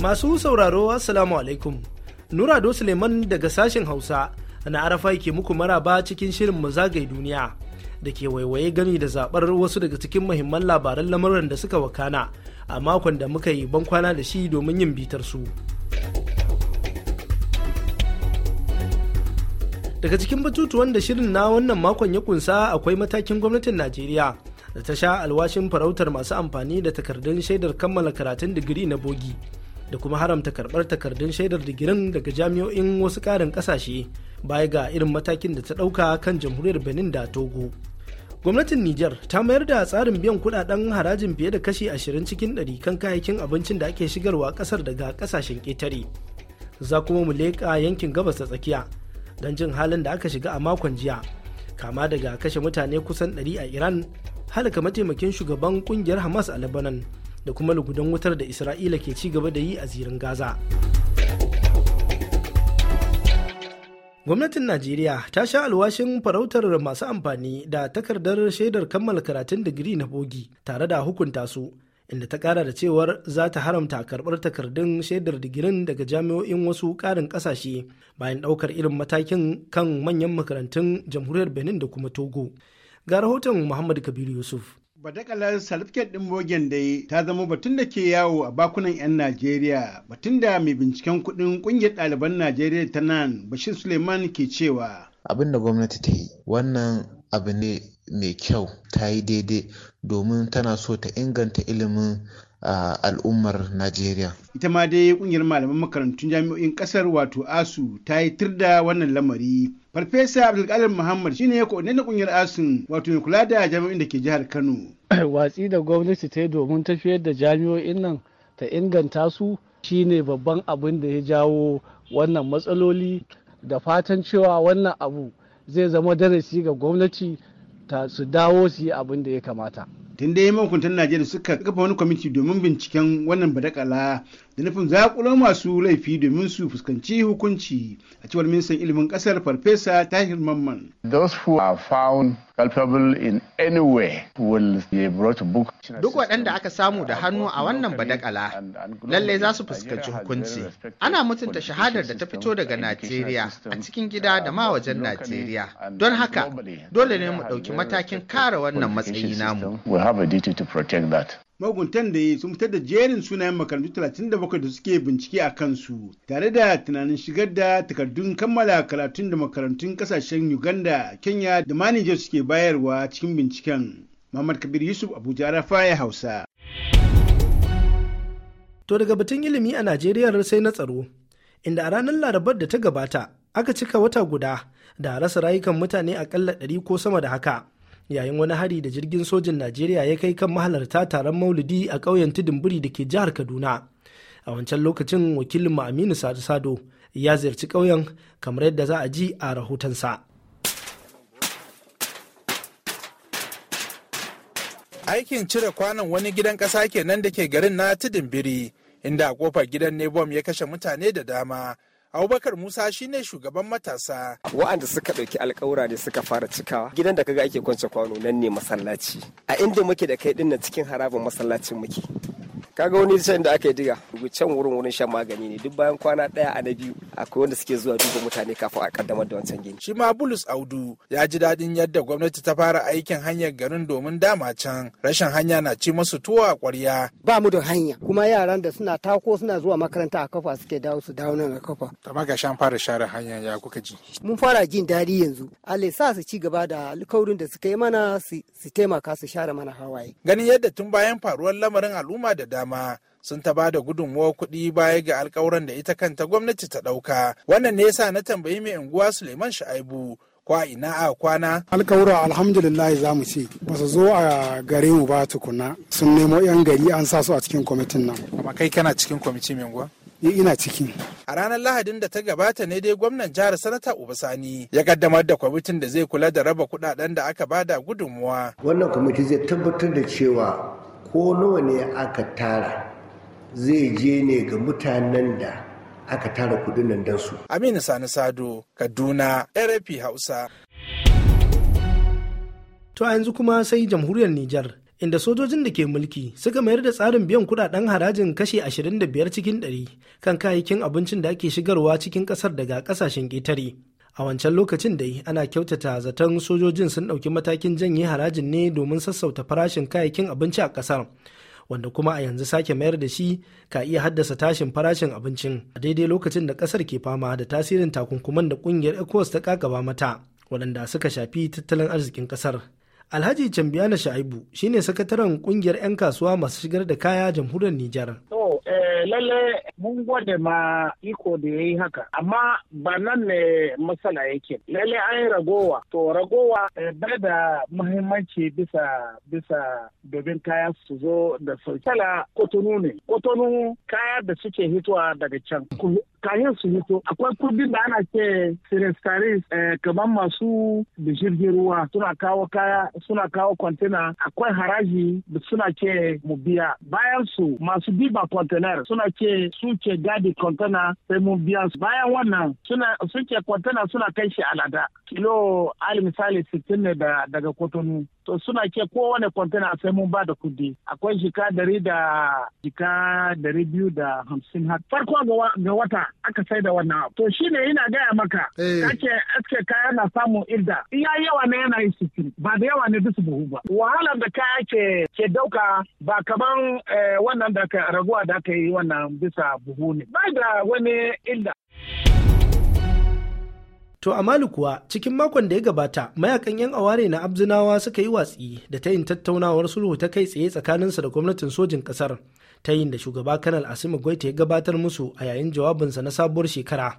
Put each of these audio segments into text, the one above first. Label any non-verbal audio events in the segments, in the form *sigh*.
Masu sauraro Assalamu alaikum. Nurado Suleiman daga sashen Hausa na Arafa ke muku maraba cikin shirin mu zagaye duniya da ke waiwaye gani da zabar wasu daga cikin muhimman labaran lamuran da suka wakana a makon da muka yi ban kwana da shi domin yin bitar su. Daga cikin batutuwan da shirin na wannan makon ya kunsa akwai matakin gwamnatin Najeriya da ta sha alwashin farautar masu amfani da takardun shaidar kammala karatun digiri na bogi. da kuma haramta karbar takardun shaidar digirin daga jami'o'in wasu karin kasashe baya ga irin matakin da ta dauka kan jamhuriyar benin da togo gwamnatin niger ta mayar da tsarin biyan kudaden harajin fiye da kashi ashirin cikin 100 kan kayayyakin abincin da ake shigarwa kasar daga kasashen ketare za kuma mu leka yankin gabas ta tsakiya don jin halin da aka shiga a makon jiya kama daga kashe mutane kusan 100 a iran halaka mataimakin shugaban kungiyar hamas a lebanon da kuma lugudan wutar da isra'ila ke ci gaba da yi a zirin gaza gwamnatin najeriya ta sha alwashin farautar masu amfani da takardar shaidar kammala karatun digiri na bogi tare da hukunta su inda ta kara da cewar za ta haramta karbar takardun shaidar digirin daga jami'o'in wasu karin kasashe bayan daukar irin matakin kan manyan makarantun jamhuriyar benin da kuma togo ga rahoton muhammad kabiru yusuf Badakalar salifket ɗin bogen dai ta zama batun da ke yawo a bakunan 'yan Najeriya batun da mai binciken kuɗin ƙungiyar ɗaliban Najeriya ta nan Bashir Suleiman ke cewa. Abin da gwamnati ta yi wannan abu ne mai kyau ta yi daidai domin tana so ta inganta ilimin Uh, al'ummar Najeriya. Ita ma dai ƙungiyar malaman makarantun jami'o'in ƙasar, wato ASU ta yi tirda wannan lamari Farfesa Abdulkadir Muhammad shine ya na kungiyar asin wato mai kula da jami'in da ke jihar Kano. *coughs* Watsi da gwamnati ta yi domin tafiyar da jami'o'in nan ta inganta su shine babban abin da ya jawo wannan matsaloli da fatan cewa wannan abu zai zama darasi ga gwamnati ta su dawo su yi abin da ya kamata. Tun da mahukuntan Najeriya suka kafa wani kwamiti domin binciken wannan badakala da nufin zakulo masu laifi domin su fuskanci hukunci a cewar ministan ilimin kasar farfesa tahir mamman. Those who are found culpable in any way will be brought to book. Duk waɗanda aka samu da hannu a wannan badakala lallai za su fuskanci hukunci. Ana mutunta shahadar da ta fito daga Najeriya a cikin gida da ma wajen Najeriya. Don haka dole ne mu ɗauki matakin kare wannan matsayi namu. We have duty to protect that. maguntan da ya sun fitar da jerin sunayen makarantu 37 da suke bincike a kansu tare da tunanin shigar da takardun kammala karatun da makarantun kasashen uganda kenya da manijar suke bayarwa cikin binciken Muhammad Kabir Yusuf Abuja Rafa ya Hausa. To daga batun ilimi a Najeriya sai na tsaro, inda a ranar Larabar da ta gabata aka cika wata guda da rasa rayukan mutane akalla ɗari ko sama da haka yayin wani hari da jirgin sojin najeriya ya kai kan mahalarta taron maulidi a ƙauyen tudunburi da ke jihar kaduna a wancan lokacin wakilin mu aminu sadu sado ya ziyarci ƙauyen kamar yadda za a ji a rahotonsa aikin cire kwanon wani gidan ƙasa kenan da ke garin na tudunbiri inda a kofar gidan ne bom ya kashe mutane da dama Abubakar Musa shi ne shugaban matasa. Wa'anda suka ɗauki alƙawura ne suka fara cikawa. Gidan da kaga ake kwance kwano nan ne masallaci. A inda muke da kai ɗin cikin harabin masallacin muke. kaga wani sayin da aka yi diga can wurin wurin shan magani ne duk bayan kwana daya a na biyu akwai wanda suke zuwa duba mutane kafin a kaddamar da wancan gini shi ma bulus audu ya ji daɗin yadda gwamnati ta fara aikin hanyar garin domin dama can rashin hanya na ci masu tuwo a ƙwarya ba mu da hanya kuma yaran da suna tako suna zuwa makaranta a kafa suke dawo su dawo nan a kafa ta ga shan fara share hanya ya kuka ji mun fara jin daɗi yanzu Allah sa su ci gaba da alkawarin da suka yi mana su taimaka su share mana hawaye ganin yadda tun bayan faruwar lamarin al'umma da dama dama sun ta da gudunmuwar kuɗi baya ga alkawuran da ita kanta gwamnati ta ɗauka wannan ne yasa na tambayi mai unguwa suleiman sha'ibu kwa ina a kwana alkawura alhamdulillah za mu ce ba su zo a gare mu ba tukuna sun nemo yan gari an sa su a cikin kwamitin nan amma kai kana cikin kwamiti mai unguwa ni eh, ina ciki. A ranar Lahadin da ta gabata ne dai gwamnan jihar Sanata Sani. ya kaddamar da kwamitin da zai kula da raba kudaden da aka bada gudunmuwa. Wannan kwamiti zai tabbatar da cewa ko nawa ne aka tara zai je ne ga mutanen da aka tara kudin nan don su. Aminu Sani Sado, Kaduna, RFI Hausa. To a yanzu kuma sai jamhuriyar Nijar. inda sojojin da ke mulki suka mayar da tsarin biyan kudaden harajin kashe 25 cikin 100 kan kayayyakin abincin da ake shigarwa cikin kasar daga kasashen ƙetare a wancan lokacin dai ana kyautata zaton sojojin sun ɗauki matakin janye harajin ne domin sassauta farashin kayayyakin abinci a ƙasar wanda kuma a yanzu sake mayar da shi ka iya haddasa tashin farashin abincin a daidai lokacin da ƙasar ke fama da tasirin takunkuman da ƙungiyar ecowas ta ƙaƙaba mata waɗanda suka shafi tattalin arzikin ƙasar alhaji cambiana sha'ibu shine sakataren ƙungiyar 'yan kasuwa masu shigar da kaya jamhuriyar nijar eh, mun gwada ma iko da ya yi haka amma ba nan ne matsala yake lalle an yi ragowa to ragowa eh, bai da muhimmanci bisa bisa domin kaya su zo da sultala kotonu ne kotonu kaya da suke hitowa daga can kayan su hito akwai kudin da ana ce sirestaris eh, kamar masu da jirgin ruwa suna kawo kaya suna kawo kwantena akwai haraji da suna ce mu biya bayan su masu biba kwantenar suna ce su wuce gadi kwantana sai mun biya su bayan wannan suna suke kwantana suna kai shi alada kilo ali misali sittin ne daga kotonu to suna ke kowane kwantana sai mun ba da kudi akwai jika dari da jika dari biyu da hamsin har farko ga wata aka sai da wannan abu to shine ina gaya maka eh. kake aske kaya na samun ilda iya yawa ne yana yi sittin ba da yawa ne dusu buhu ba wahalar da kaya ke ke dauka ba kaman eh, wannan da ka raguwa da ka yi wannan bisa buhu ne ba da wani illa To a malu kuwa cikin makon da ya gabata mayakan 'yan aware na Abzinawa suka yi watsi da ta yin tattaunawar sulhu ta kai tsaye tsakaninsa da gwamnatin sojin kasar ta yin da shugaba kanal Asimu Goita ya gabatar musu a yayin jawabinsa na sabuwar shekara.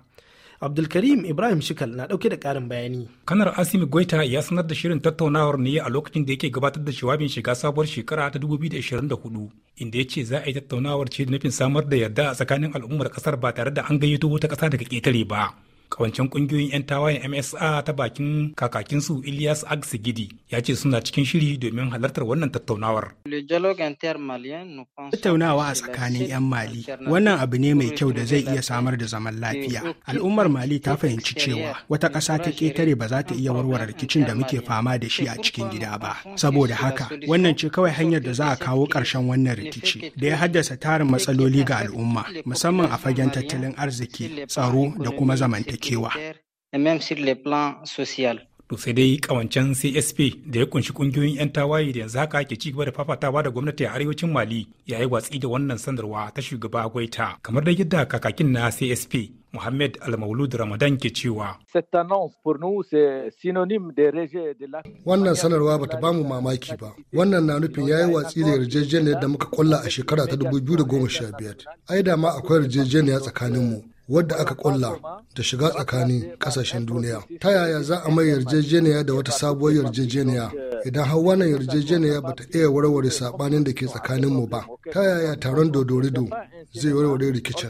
Abdulkarim Ibrahim Shikal na ɗauke da ƙarin bayani. Kanar Asimi Goita ya sanar da shirin tattaunawar ne a lokacin da yake gabatar da jawabin shiga sabuwar shekara ta 2024 inda ya ce za a yi tattaunawar ce da nufin samar da yarda a tsakanin al'ummar ƙasar ba tare da an gayyato wata ƙasa daga ƙetare ba. kawancen kungiyoyin 'yan tawayen msa ta bakin kakakinsu ilyas agsigidi ya ce suna cikin shiri domin halartar wannan tattaunawar tattaunawa a tsakanin 'yan mali wannan abu ne mai kyau da zai iya samar da zaman lafiya al'ummar mali ta fahimci cewa wata ƙasa ta ƙetare ba za ta iya warware rikicin da muke fama da shi a cikin gida ba saboda haka wannan ce kawai hanyar da za a kawo ƙarshen wannan rikici da ya haddasa tarin matsaloli ga al'umma musamman a fagen tattalin arziki tsaro da kuma zamantakewa zamantakewa. To dai kawancen CSP da ya kunshi kungiyoyin 'yan tawaye da yanzu haka ke cigaba da fafatawa da gwamnati a arewacin Mali ya yi watsi da wannan sanarwa ta shugaba Gwaita kamar da yadda kakakin na CSP Mohamed Al-Maulud Ramadan ke cewa. Wannan sanarwa bata ba mu mamaki ba. Wannan na nufin yayi watsi da yarjejeniyar da muka kulla a shekara ta biyar Ai da ma akwai yarjejeniya tsakanin mu. wadda aka kulla da shiga tsakanin kasashen duniya. Ta yaya za a mai yarjejeniya da wata sabuwar yarjejeniya idan har wannan yarjejeniya ba ta iya warware saɓanin da ke tsakanin mu ba? Ta yaya taron dodorido zai warware rikicin?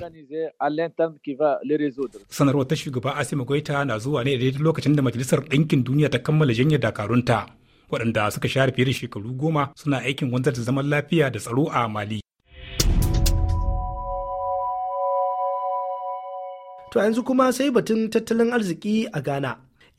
Sanarwar ta shugaba Asima Goita na zuwa ne daidai lokacin da Majalisar Ɗinkin Duniya ta kammala janye dakarunta. waɗanda suka share fiye da shekaru goma suna aikin wanzar da zaman lafiya da tsaro a mali To yanzu kuma sai batun tattalin arziki a Ghana.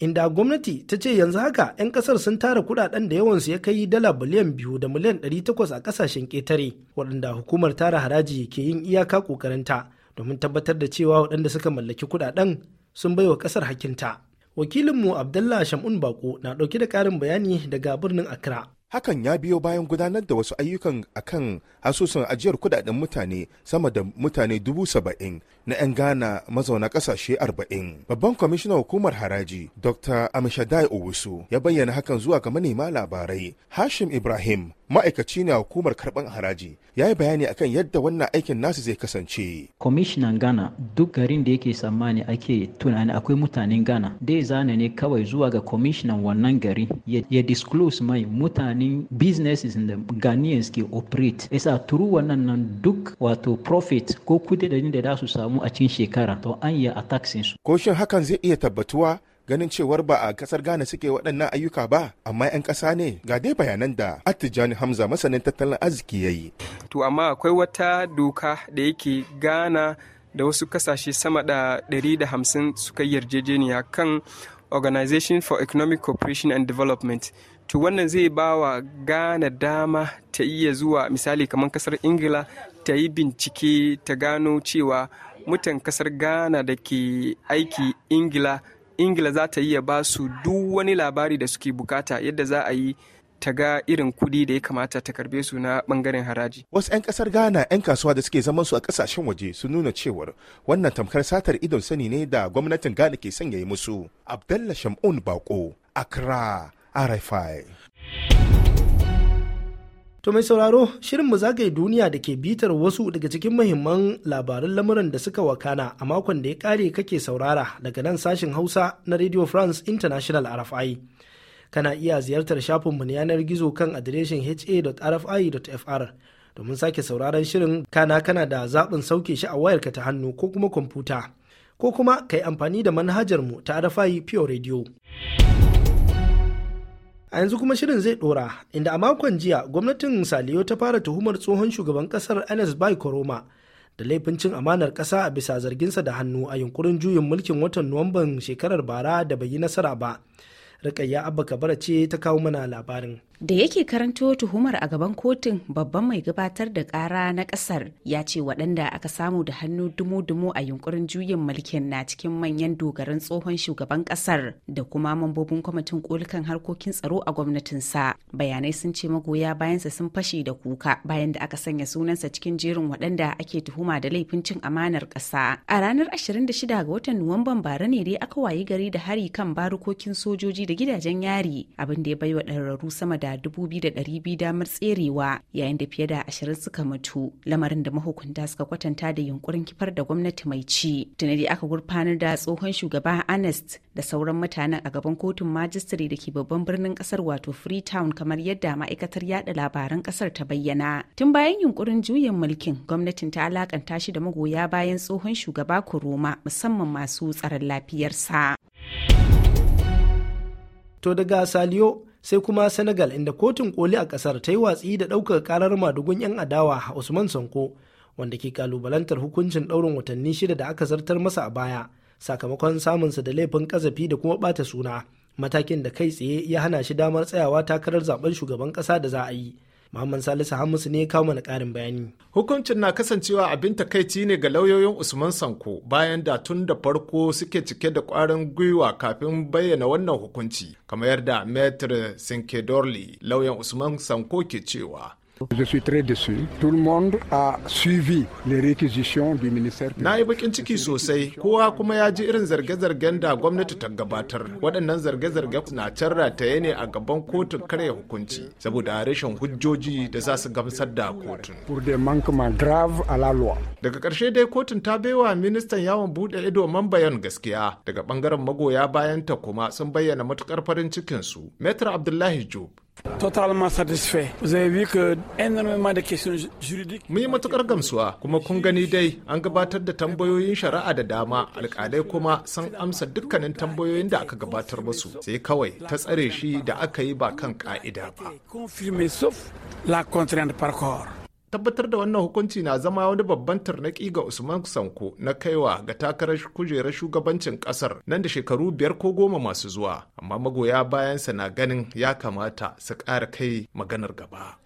Inda gwamnati ta ce yanzu haka 'yan kasar sun tara kudaden da yawansu ya kai dala biliyan biyu da miliyan 800 a kasashen ketare waɗanda hukumar tara haraji ke yin iyaka kokarinta domin tabbatar da cewa waɗanda suka mallaki kudaden sun baiwa kasar hakinta. Wakilinmu Abdullah Shamun Bako na ɗauke da ƙarin bayani daga birnin Accra. hakan ya biyo bayan gudanar da wasu ayyukan akan asusun ajiyar kudaden mutane sama da mutane dubu saba'in na 'yan Ghana mazauna kasashe 40. Babban kwamishinan hukumar haraji Dr. Amishadai Owusu ya bayyana hakan zuwa ga manema labarai. Hashim Ibrahim ma'aikaci ne a hukumar karban haraji ya yi bayani akan yadda wannan aikin nasu zai kasance. kwamishinan ghana duk garin da yake tsammani ake tunani akwai mutanen ghana dai zane ne kawai zuwa ga kwamishinan wannan gari ya disclose mai mutanen businesses da ghanaians ke operate yasa turu wannan nan duk wato profit ko kudi da da su samu samu a cikin shekara to an yi a su ko shin hakan zai iya tabbatuwa ganin cewar ba a kasar Ghana suke waɗannan ayyuka ba amma 'yan ƙasa ne ga dai bayanan da Atijani Hamza masanin tattalin arziki ya yi. To amma akwai wata doka da yake Ghana da wasu kasashe sama da 150 suka yarjejeniya kan Organization for Economic Cooperation and Development. To wannan zai ba wa Ghana dama ta iya zuwa misali kamar kasar Ingila ta yi bincike ta gano cewa mutan kasar ghana da ke aiki ingila ingila za ta yi ya ba su duk wani labari da suke bukata yadda za a yi ta ga irin kudi da ya kamata ta karbe su na bangaren haraji. Wasu 'yan kasar Ghana 'yan kasuwa da suke zaman su a kasashen waje su nuna cewar wannan tamkar satar idon sani ne da gwamnatin Ghana ke sanya yi musu. Abdallah Shamun Bako, Accra, RFI. To mai sauraro shirinmu zagaye duniya da ke bitar wasu daga cikin mahimman labaran lamuran da suka wakana a makon da ya kare kake saurara daga nan sashin Hausa na Radio France International RFI. Kana iya ziyartar shafinmu na yanar gizo kan adireshin ha.rfi.fr domin sake sauraron shirin kana kana da zaɓin sauke shi a wayarka ta hannu ko kuma kwamfuta ko kuma ka yi amfani da manhajar mu ta RFI Pure Radio. a yanzu kuma shirin zai dora inda a makon jiya gwamnatin saliyo ta fara tuhumar tsohon shugaban kasar ns bai koroma da laifin cin amanar kasa a bisa zarginsa da hannu a yunkurin juyin mulkin watan nuwamban shekarar bara da bai yi nasara ba rikayya abba kabara ce ta kawo mana labarin da yake karanto tuhumar a gaban kotun babban mai gabatar da kara na kasar ya ce waɗanda aka samu da hannu dumu-dumu a yunkurin juyin mulkin na cikin manyan dogaran tsohon shugaban kasar da kuma mambobin kwamitin kolikan harkokin tsaro a gwamnatinsa bayanai sun ce magoya bayansa sun fashe da kuka bayan da aka sanya sunansa cikin jerin waɗanda ake tuhuma da laifin cin amanar ƙasa a ranar 26 ga watan nuwamban bara ne dai aka wayi gari da hari kan barukokin sojoji da gidajen yari abin da ya baiwa ɗararru sama da da 2,200 damar tserewa yayin da fiye da ashirin suka mutu lamarin da mahukunta suka kwatanta da yunkurin kifar da gwamnati mai ci. Tunadi aka gurfanar da tsohon shugaba anest da sauran mutanen a gaban kotun majistare da ke babban birnin kasar wato Freetown kamar yadda ma'aikatar yada labaran kasar ta bayyana. Tun bayan yunkurin juyin mulkin gwamnatin ta alakanta shi da magoya bayan tsohon shugaba Kuroma musamman masu tsaron lafiyarsa. To daga Saliyo sai kuma senegal inda kotun koli a kasar ta yi watsi da ɗaukar karar madugun 'yan adawa usman sanko wanda ke kalubalantar hukuncin ɗaurin watanni shida da aka zartar masa a baya sakamakon samunsa da laifin kazafi da kuma ɓata suna matakin da kai tsaye ya hana shi damar tsayawa takarar zaben shugaban ƙasa da za a yi Muhammad Salisu Hamisu ne kawo mana ƙarin bayani. Hukuncin na kasancewa abin takaici ne ga lauyoyin Usman Sanko bayan da tun da farko suke cike da ƙwarin gwiwa kafin bayyana wannan hukunci kamar yadda Maitre Sinkedorli lauyan Usman Sanko ke cewa. Na yi bakin ciki sosai, kowa kuma ya ji irin zarge-zargen da gwamnati ta gabatar. Waɗannan zarge-zarge na can rataye ne a gaban kotun karya hukunci saboda rashin hujjoji da za su gamsar da kotun. Daga ƙarshe dai kotun ta baiwa ministan yawon buɗe ido man bayan gaskiya. Daga ɓangaren magoya bayanta kuma sun bayyana matuƙar farin cikinsu. metro Abdullahi Job Mun yi matukar gamsuwa kuma kun gani dai an gabatar da tambayoyin shari'a da dama alƙalai kuma sun amsa dukkanin tambayoyin da aka gabatar musu sai kawai ta tsare shi da aka yi ba kan ƙa'ida ba. la tabbatar da wannan hukunci na zama wani babban tarnaki ga usman sanko na kaiwa ga takarar kujerar shugabancin kasar nan da shekaru biyar ko goma masu zuwa amma magoya bayansa na ganin ya kamata su kara kai maganar gaba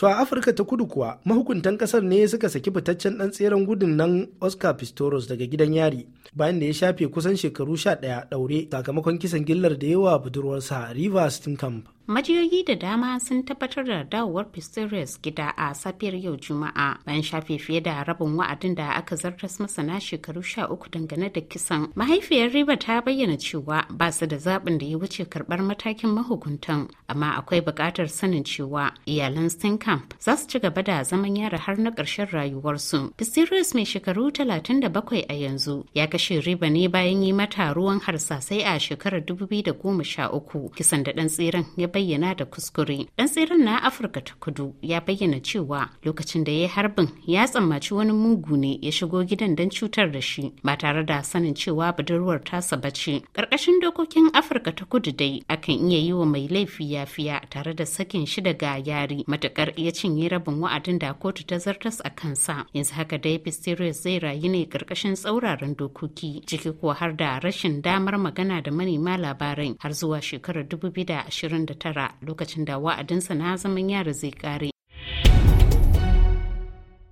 To a Afirka ta kudu kuwa mahukuntan kasar ne suka saki fitaccen ɗan tseren gudun nan Oscar Pistorius daga gidan yari bayan da ya shafe kusan shekaru sha 11 ɗaure sakamakon kisan gillar da yawa budurwarsa Rivers Camp. majiyoyi da dama sun tabbatar da dawowar pistorius gida a safiyar yau juma'a bayan shafe fiye da rabin wa'adin da aka zartas masana shekaru sha uku dangane da kisan mahaifiyar riba ta bayyana cewa ba su da zaɓin da ya wuce karɓar matakin mahukuntan amma akwai buƙatar sanin cewa iyalan steinkamp za su ci gaba da zaman yara har na karshen rayuwarsu pistorius mai shekaru talatin da bakwai a yanzu ya kashe riba ne bayan yi mata ruwan harsasai a shekarar dubu biyu da goma sha uku kisan da ɗan tseren ya bayyana da kuskure dan tseren na afirka ta kudu ya bayyana cewa lokacin da ya harbin ya tsammaci wani mugu ne ya shigo gidan don cutar da shi ba tare da sanin cewa budurwar tasa ba ce karkashin dokokin afirka ta kudu dai akan iya yi wa mai laifi yafiya tare da sakin shi daga yari matukar ya cinye rabin wa'adin da kotu ta zartas a kansa yanzu haka dai Pistorius zai rayu ne karkashin tsauraran dokoki ciki ko har da rashin damar magana da manema labarai har zuwa shekarar 2029 tara lokacin da wa'adinsa na zaman yara zai kare.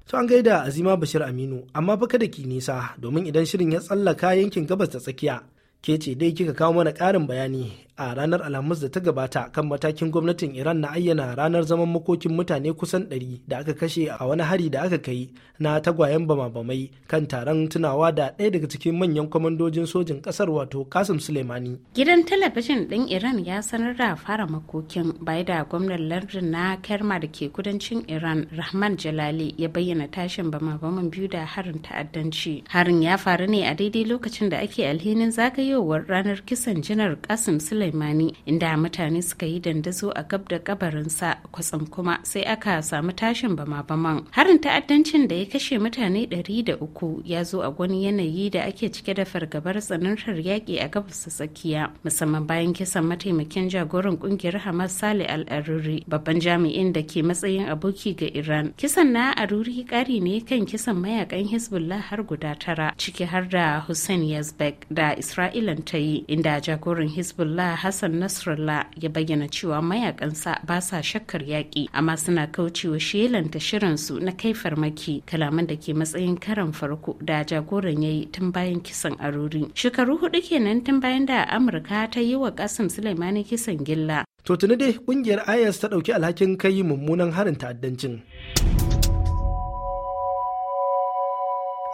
To an gaida Azima Bashir Aminu, amma fa kada ki nisa domin idan shirin ya tsallaka yankin gabas ta tsakiya. Ke ce dai kika kawo mana ƙarin bayani a ranar alhamis da ta gabata kan matakin gwamnatin iran na ayyana ranar zaman makokin mutane kusan 100 da aka kashe a wani hari da aka kai na tagwayen bama-bamai kan taron tunawa da ɗaya daga cikin manyan kwamandojin sojin ƙasar wato kasim suleimani gidan talabijin ɗin iran ya sanar da fara makokin bai da gwamnan lardin na kerma da ke kudancin iran rahman jalali ya bayyana tashin bama-baman biyu da harin ta'addanci harin ya faru ne a daidai lokacin da ake alhinin zagayowar ranar kisan janar kasim suleimani sulaimani inda mutane suka yi dandazo a gab da kabarinsa kwatsam kuma sai aka samu tashin bama-baman harin ta'addancin da ya kashe mutane da 300 ya zo a wani yanayi da ake cike da fargabar tsanantar yaƙi a gabas ta tsakiya musamman bayan kisan mataimakin jagoran kungiyar hamas sale al-aruri babban jami'in da ke matsayin aboki ga iran kisan na aruri ƙari ne kan kisan mayakan hezbollah har guda tara ciki har da hussein yazbek da isra'ilan ta yi inda jagoran hezbollah hassan nasrallah ya bayyana cewa mayakansa ba sa shakkar yaƙi amma suna kaucewa shirin shirinsu na kai farmaki kalaman da ke matsayin karan farko da jagoran ya yi tun bayan kisan arori shekaru hudu kenan tun bayan da amurka ta yi wa kasim sulaimani kisan gilla to tuni dai kungiyar is ta ɗauki alhakin kai mummunan harin ta'addancin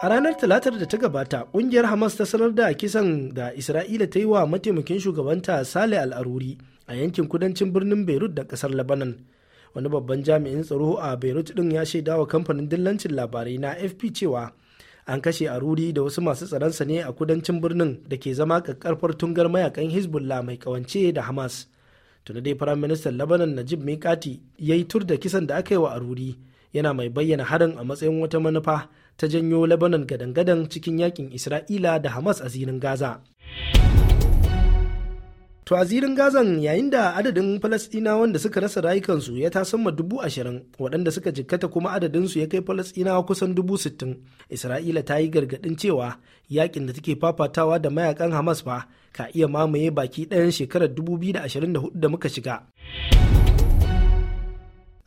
A ranar Talatar da ta gabata, ƙungiyar Hamas ta sanar da kisan da Isra'ila ta yi wa mataimakin shugabanta sale Al-Aruri a yankin kudancin birnin Beirut da kasar Lebanon. Wani babban jami'in tsaro a Beirut ɗin ya shaida wa kamfanin dillancin labarai na FP cewa an kashe Aruri da wasu masu tsaronsa ne a kudancin birnin da ke zama ƙaƙƙarfar tungar mayakan Hezbollah mai kawance da Hamas. Tuna dai ministan Lebanon Najib Mikati ya yi tur da kisan da aka yi wa Aruri yana mai bayyana harin a matsayin wata manufa ta janyo Lebanon gadan-gadan cikin yakin Isra'ila da Hamas a zirin Gaza. To a zirin Gazan yayin da adadin Falasɗinawan wanda suka rasa rayukansu ya tasamma dubu ashirin waɗanda suka jikkata kuma adadinsu ya kai Falasɗinawa kusan dubu sittin. Isra'ila ta yi gargaɗin cewa yakin da take fafatawa da mayakan Hamas ba ka iya mamaye baki ɗayan shekarar 2024 da muka shiga.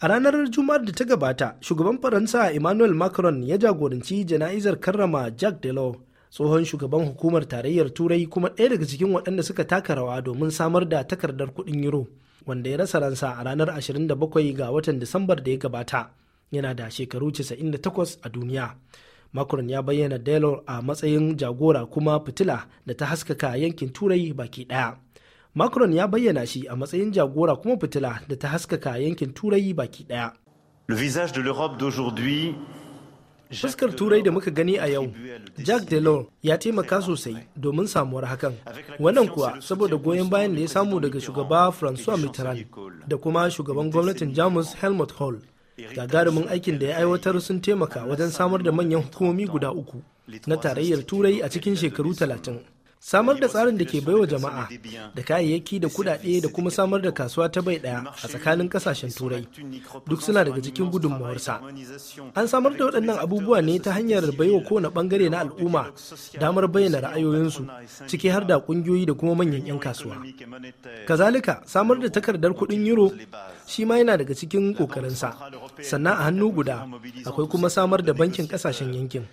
A ranar Juma'ar da ta gabata, shugaban Faransa Emmanuel Macron ya jagoranci jana'izar karrama jack Delors, tsohon shugaban hukumar tarayyar Turai kuma ɗaya daga cikin waɗanda suka taka rawa domin samar da takardar kuɗin euro, wanda ya rasa ransa a ranar 27 ga watan Disambar da ya gabata. Yana da shekaru 98 a duniya. Macron ya bayyana Delors a matsayin jagora kuma fitila da ta haskaka yankin Turai baki ɗaya. Macron ya bayyana shi a matsayin jagora kuma fitila da ta haskaka yankin Turai baki ɗaya. Le visage de l'Europe d'aujourd'hui Fuskar Turai da muka gani a yau, Jack Delors ya taimaka sosai domin samuwar hakan. Wannan kuwa saboda goyon bayan da ya samu daga shugaba françois Mitterrand da kuma shugaban gwamnatin Jamus Helmut Kohl. Gagarumin aikin da ya aiwatar sun taimaka wajen samar da manyan hukumomi guda uku na tarayyar Turai a cikin shekaru talatin. samar da tsarin da ke baiwa jama'a da kayayyaki da kudade da kuma samar da kasuwa ta bai daya a tsakanin kasashen turai duk suna daga cikin gudunmawarsa an samar da waɗannan abubuwa ne ta hanyar baiwa kowane bangare na al'umma damar bayyana ra'ayoyinsu ciki har da ƙungiyoyi, da kuma manyan 'yan kasuwa kazalika samar da takardar kuɗin euro shi ma yana daga cikin ƙoƙarinsa sannan a hannu guda akwai kuma samar da bankin ƙasashen yankin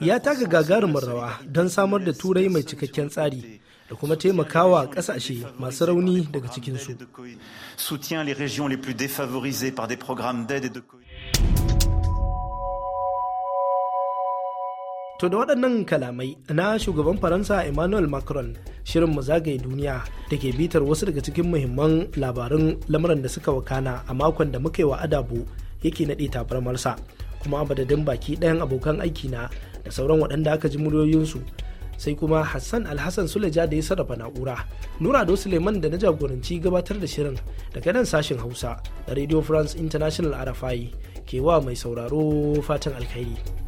ya taga gagarumin rawa don samar da turai mai cikakken tsari da kuma taimakawa kasashe masu rauni daga cikinsu. To da waɗannan kalamai na shugaban Faransa Emmanuel Macron shirin mu zagaye duniya da ke bitar wasu daga cikin muhimman labarun lamuran da suka wakana a makon da muka yi wa adabu yake naɗe tabarmarsa. kuma abadadin baki ɗayan abokan aiki na da sauran waɗanda aka ji muryoyinsu sai kuma hassan alhassan suleja da ya sarrafa na'ura nurado suleiman da na jagoranci gabatar da shirin daga nan sashen hausa da radio france international arafai ke wa mai sauraro fatan alkhairi.